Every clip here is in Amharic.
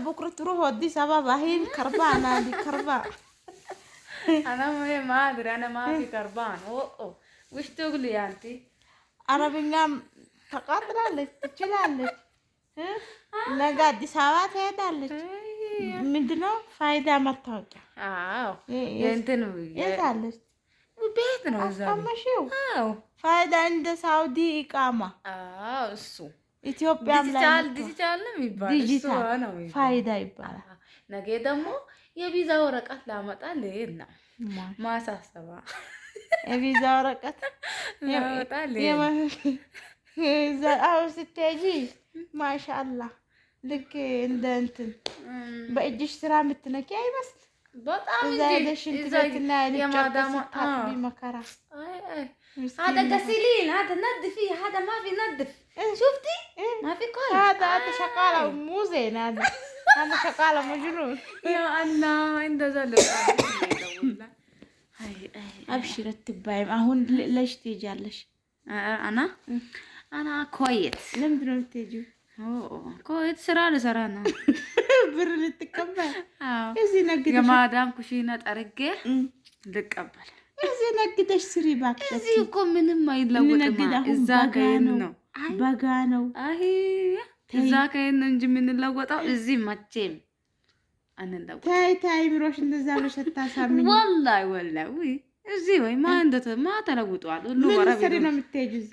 Bukra turuu hodhii sabaa bahin karbaa naali karbaa. Ana mae maadri ana maafi karbaan o'o wishtugli yaanti. Arabኛም ተቃጥላለች ትችላለች። ነገ አዲስ አበባ ትሄዳለች። ምንድነው ፋይዳ መታወቂያ? አዎ የእንትን የታለች? ቤት ነው እዛ። አስቀመሽው? አዎ ፋይዳ እንደ ሳውዲ ኢቃማ። አዎ እሱ ኢትዮጵያ ዲጂታል ዲጂታል ነው የሚባለው። ዲጂታል ፋይዳ ይባላል። ነገ ደግሞ የቪዛ ወረቀት ላመጣ ልሄድ ማሳሰባ የቪዛ ወረቀት ላመጣ አሁን ስትሄጂ ማሻአላ ልክ እንደ እንትን በእጅሽ ስራ የምትነኪ አይመስል በጣም እዛ ሽንት ቤት እና ልጅ መከራ አይ አይ هذا غسيلين هذا نظف فيه هذا ما في نظف شفتي ما في كل هذا هذا شقاله مو زين هذا هذا شقاله مجنون يا الله عند زلمة اهون ليش تيجي ለሽ انا انا አና لم بنو تيجي የምትሄጂው? ኮይት ስራ ልሰራ ነው፣ ብር ልትቀበል እዚህ يا مدام ኩሽና ጠርጌ ልቀበል እዚህ ነግደሽ ስሪ እባክሽ። እዚህ እኮ ምንም አይለወጥም። እዛ ከሄን ነው በጋ ነው። እዛ ከሄን ነው እንጂ የምንለወጣው እዚህ መቼም ታይ ታይ ብሮሽ እንደዛ ብለሽ አታሳምኝ። ወላሂ ወላሂ እዚህ ወይ ማ እንደተ ማ ተለውጧል ሁሉ ወራ ነው የምትሄጂው እዛ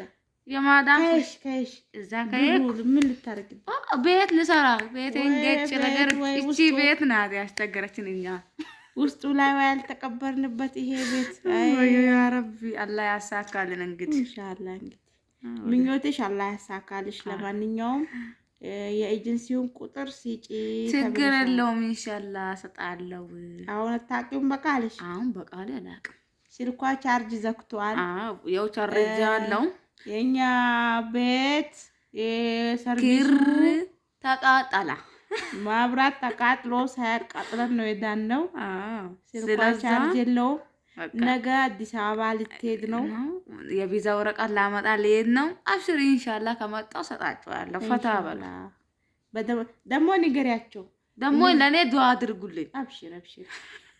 የማዳም ከሽ ከሽ እዛ ከሄድኩ ምን ልታረግ ቤት ልሰራ ቤቴን ገጭ ነገር እቺ ቤት ናት ያስቸገረችን እኛ ውስጡ ላይ ያልተቀበርንበት ይሄ ቤት ረቢ አላ ያሳካልን። እንግዲህ ኢንሻአላ እንግዲህ ምኞትሽ አላህ ያሳካልሽ። ለማንኛውም የኤጀንሲውን ቁጥር ሲጪ፣ ችግር የለውም ኢንሻአላ ሰጣለው። አሁን አታውቂውም በቃልሽ? አሁን በቃል አላውቅም። ስልኳ ቻርጅ ዘግቷል። አዎ ያው ቻርጅ አለው። የኛ ቤት የሰርቪሱ ተቃጠላ መብራት ተቃጥሎ ሳያቃጥለን ነው የዳነው። ስልኳ ቻርጅ የለውም። ነገ አዲስ አበባ ልትሄድ ነው። የቪዛ ወረቀት ላመጣ ልሄድ ነው። አብሽር ኢንሻላ ከመጣው ሰጣቸዋለሁ። ፈታ በላ ደግሞ ንገሪያቸው። ደግሞ ለእኔ አድርጉልኝ። አብሽር አብሽር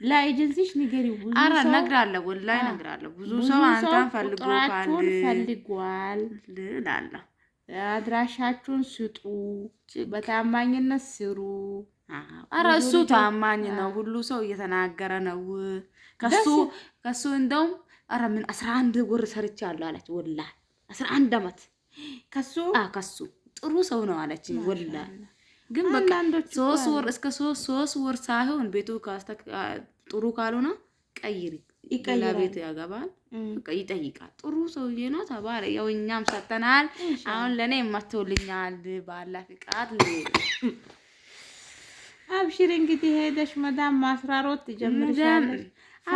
ለኤጀንሲሽ አረ ወላሂ ብዙ ሰው አንተን ፈልጎ ፈልጓል አድራሻችሁን ስጡ፣ በታማኝነት ስሩ። አረ እሱ ታማኝ ነው። ሁሉ ሰው እየተናገረ ነው። ከሱ ከሱ እንደውም አረ ምን አስራ አንድ ወር ሰርቻለሁ አለች። ወላ አስራ አንድ አመት ከሱ ከሱ ጥሩ ሰው ነው አለች። ወላ ግን በቃ ሶስት ወር እስከ ሶስት ወር ሳይሆን ቤቱ ጥሩ ካልሆነ ቀይሪ ቤት ያገባል፣ ይጠይቃል። ጥሩ ሰውዬ ነው ተባለ። ያው እኛም ሰተናል። አሁን ለእኔ መቶልኛል። ባላ ፍቃድ አብሽር። እንግዲህ ሄደሽ መዳም ማስራሮት ትጀምርሻለሽ።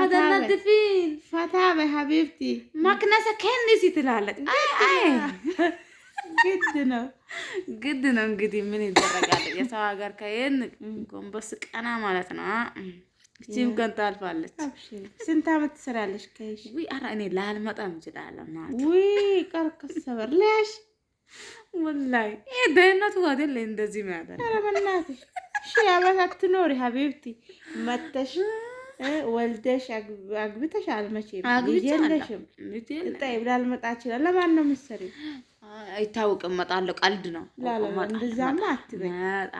አደናድፊን ፈታ በሀቢብቲ መክነሰ ከንስ ትላለች። ግድ ነው ግድ ነው። እንግዲህ ምን ይደረጋል? የሰው ሀገር ከየን ጎንበስ ቀና ማለት ነው። እቺም ቀን ታልፋለች። ስንት ዓመት ትሰራለች? ከይሽ ወይ አረ እኔ ላልመጣም እችላለሁ ማለት ወይ ቀርከስ ሰበርለሽ ወላሂ ይሄ ደህንነቱ አይደል እንደዚህ ማለት አረ በእናትሽ ሺህ ዓመት አትኖሪ ሀቢብቲ መተሽ ወልደሽ አግብተሽ አልመቼም የለሽም ጣይ ብላ ልመጣ ይችላል። ለማን ነው የምትሰሪው? አይታወቅም። እመጣለሁ ቀልድ ነው። እንደዛማ አትበይ።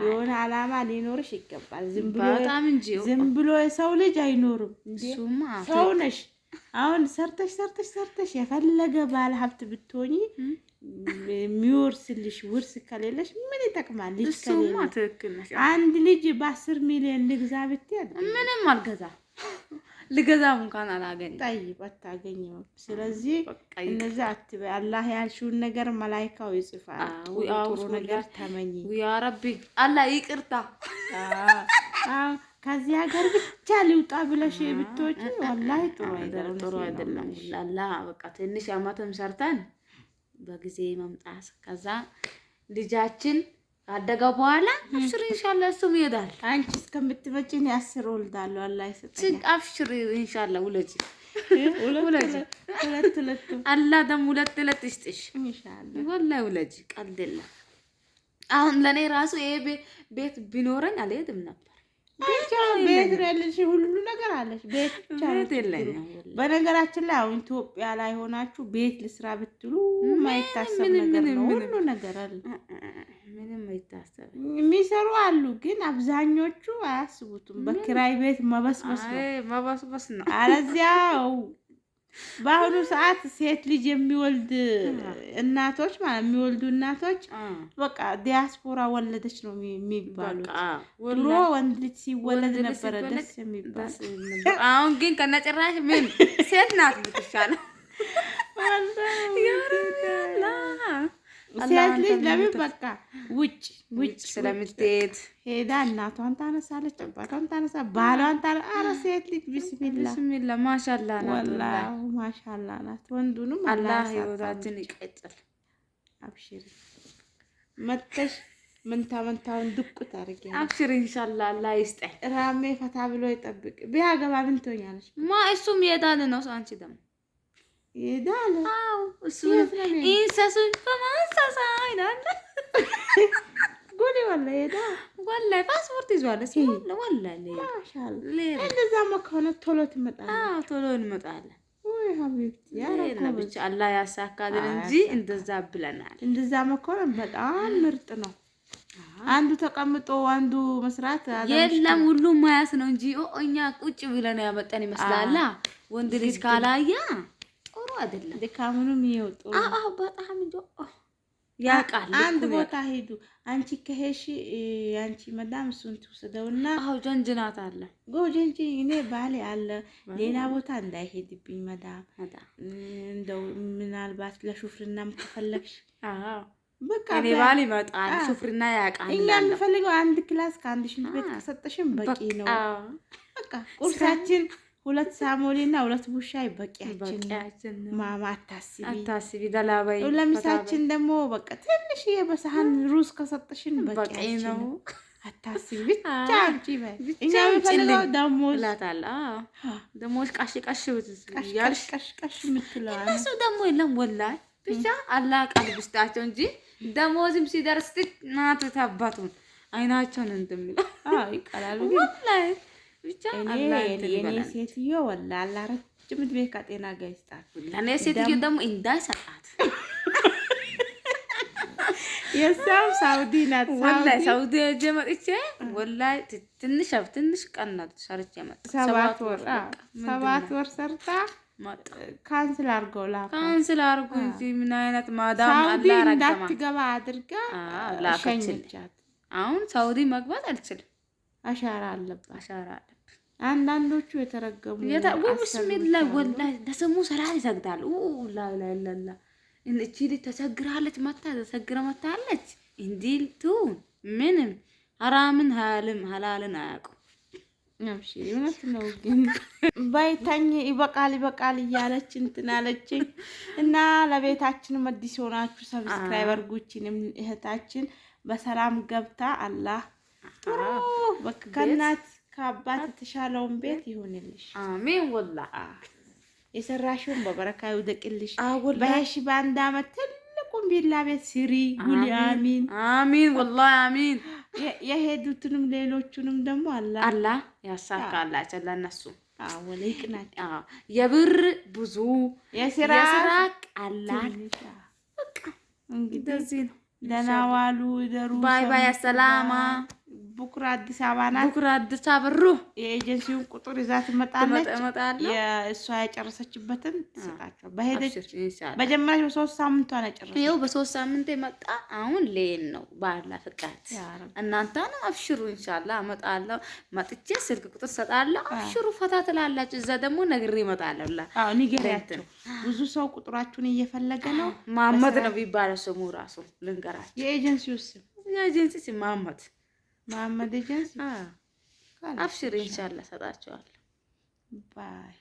የሆነ አላማ ሊኖርሽ ይገባል። ዝም ብሎ የሰው ልጅ አይኖርም። ሰው ነሽ። አሁን ሰርተሽ ሰርተሽ ሰርተሽ የፈለገ ባለ ሀብት ብትሆኚ የሚወርስልሽ ውርስ ከሌለሽ ምን ይጠቅማል? ልጅ ከሌለ አንድ ልጅ በአስር ሚሊዮን ልግዛ ብትል ምንም አልገዛም። ልገዛም እንኳን አላገኝ ጠይብ አታገኝም። ስለዚህ እነዚህ አትበ አላህ ያልሽውን ነገር መላይካው ይጽፋል። ጥሩ ነገር ተመኝ። ያ ረቢ አላህ ይቅርታ። ከዚህ ሀገር ብቻ ሊውጣ ብለሽ ብትወጪ ወላሂ ጥሩ አይደለም። አላህ በቃ ትንሽ አመትም ሰርተን በጊዜ መምጣት ከዛ ልጃችን አደገው በኋላ አብሽሪ ኢንሻአላህ እሱም ይሄዳል። አንቺ እስከምትመጪ እኔ አስር ወልዳለሁ። አላህ ይሰጠኝ። አብሽሪ ኢንሻአላህ ውለጂ ውለጂ። ሁለት ሁለት አላህ ደግሞ ሁለት ሁለት ይስጥሽ ኢንሻአላህ። ወላሂ ውለጂ። ቀልድላ አሁን ለኔ ራሱ ይሄ ቤት ቢኖረኝ አልሄድም ነበር። ቤት ያለሽ ሁሉ ነገር አለሽ። ቤት ቤት የለኝም። በነገራችን ላይ አሁን ኢትዮጵያ ላይ ሆናችሁ ቤት ልስራ ብትሉ ማይታሰብ ነገር ነው። ሁሉ ነገር አለ ሲታሰብ የሚሰሩ አሉ፣ ግን አብዛኞቹ አያስቡትም። በክራይ ቤት መበስበስ ነው መበስበስ ነው። አለዚያው በአሁኑ ሰዓት ሴት ልጅ የሚወልድ እናቶች ማለት የሚወልዱ እናቶች በቃ ዲያስፖራ ወለደች ነው የሚባሉት። ድሮ ወንድ ልጅ ሲወለድ ነበረ ደስ የሚባል። አሁን ግን ከነጭራሽ ምን ሴት ናት ምትሻለው ሴት ልጅ ለምን በቃ ውጭ ውጭ ስለምትሄድ ሄዳ እናቷን ታነሳለች፣ አባቷን ታነሳ፣ ባሏን ታ አረ ሴት ልጅ ማሻላ ናት፣ ማሻላ ናት። ወንዱንም አላህ ህይወታችን ይቀጥል። አብሽሪ መተሽ መንታ መንታውን ድቁት አላህ ራሜ ፈታ ብሎ ይጠብቅ። ቢያገባ ምን ትሆኛለሽ? ማ እሱም ነው አንቺ ደግሞ ይሄዳል። አዎ እሱ ኢንሰሱ በማንሳሳ አይናል ጉድ ወላ ይሄዳል። ወላ ፓስፖርት ይዟል። እስኪ ወላ እንደዛ ከሆነ ቶሎ ትመጣለህ። አዎ ቶሎ እንመጣለን። ብቻ አላህ ያሳካልን እንጂ እንደዛ ብለናል። እንደዛ መኮንን በጣም ምርጥ ነው። አንዱ ተቀምጦ አንዱ መስራት የለም፣ ሁሉም ማያስ ነው እንጂ እኛ ቁጭ ብለን ያመጣን ይመስላል። ወንድ ልጅ ካላያ አይደለም። ድካሙንም ይወጡ። አዎ በጣም እንደው ያውቃል። አንድ ቦታ ሄዱ። አንቺ ከሄሽ አንቺ መዳም እሱን ትውሰደውና አዎ ጀንጅናት አለ ጎጀንጂ እኔ ባሌ አለ ሌላ ቦታ እንዳይሄድብኝ መዳም እንደው ምናልባት ለሹፍርናም ከፈለግሽ በቃ እኔ ባል ይመጣል ሹፍርና ያውቃል። እኛ የምፈልገው አንድ ክላስ ከአንድ ሽንት ቤት ከሰጠሽም በቂ ነው። በቃ ቁርሳችን ሁለት ሳሞሌ እና ሁለት ቡሻ ይበቂያችን። ማማ አታስቢ አታስቢ። ገላባይ ለምሳችን ደግሞ በቃ ትንሽ በሰሀን ሩዝ ከሰጥሽን በቂ ነው። አታስቢ ብቻ አምጪ በይ። እኛ የምፈልገው ደሞዝ እላታለሁ። ደሞዝ ቃሽ ቃሽ ቃሽ የምትለዋ እነሱ ደግሞ የለም ወላሂ ብቻ አላህ ቃል እንጂ ደሞዝም ሲደርስ ናት ታባቱን አይናቸውን እንደሚለው ይቀላሉ ወላሂ እኔ ሴትዮ ወላ ረጅም ዕድሜ ከጤና ጋር ይስጣት። ሴትዮ ደግሞ እንዳይሰጣት ሳውዲ ናት። ወላሂ ሳውዲ ሂጅ መጥቼ ወላሂ ትንሽ ትንሽ ቀን ናት ሰርቼ ሰባት ወር ሰባት ወር ሰርታ ካንስል ካንስል እንጂ ምን አይነት ማዳም ሳውዲ እንዳትገባ አድርጋ አሁን ሳውዲ መግባት አልችልም። አሻራ አለባት አሻራ አለ አንዳንዶቹ የተረገሙ ስሜት ላይ ወላ ለስሙ ሰላት ይሰግዳል። ላላላ እቺ ልጅ ተቸግራለች፣ መታ ተቸግረ መታለች። እንዲል ቱ ምንም ሀራምን ሀያልም ሀላልን አያውቁም። ነው ግን ባይታኝ ይበቃል ይበቃል እያለች እንትን አለችኝ እና ለቤታችን አዲስ የሆናችሁ ሰብስክራይበር ጉቺንም እህታችን በሰላም ገብታ አላህ ጥሩ በቃ ከእናት ከአባት የተሻለውን ቤት ይሁንልሽ። አሜን። ወላ የሰራሽውን በበረካ ይውደቅልሽ። በሽ በአንድ አመት ትልቁን ቢላ ቤት ስሪ ጉል። አሚን አሚን፣ ወላ አሚን። የሄዱትንም ሌሎቹንም ደግሞ አላ አላ ያሳካላቸው ለነሱ ይቅናቸው። የብር ብዙ የስራ አላት። እንግዲህ እንደዚህ ነው። ደህና ዋሉ ደሩ። ባይ ባይ። አሰላማ ቡኩራ አዲስ አበባ ናት። ቡኩራ አዲስ አበባ ሩ የኤጀንሲውን ቁጥር ይዛ ትመጣለች። እሷ የጨረሰችበትን ትሰጣቸው። በሄደች በጀመረች በሶስት ሳምንቷ ነው ጨረሰች። ይኸው በሶስት ሳምንት የመጣ አሁን ሌን ነው ባላ ፍቃድ እናንተንም አብሽሩ። እንሻላ እመጣለሁ። መጥቼ ስልክ ቁጥር ሰጣለሁ። አብሽሩ ፈታ ትላላችሁ። እዛ ደግሞ ነግሬ እመጣለሁ። ንገሪያቸው። ብዙ ሰው ቁጥራችሁን እየፈለገ ነው። ማመድ ነው የሚባለው ስሙ ራሱ ልንገራቸው። የኤጀንሲው ስም የኤጀንሲ ስም ማመድ መሐመድ ኤጀንሲ አብሽር፣ ኢንሻአላህ ሰጣቸዋለሁ ባይ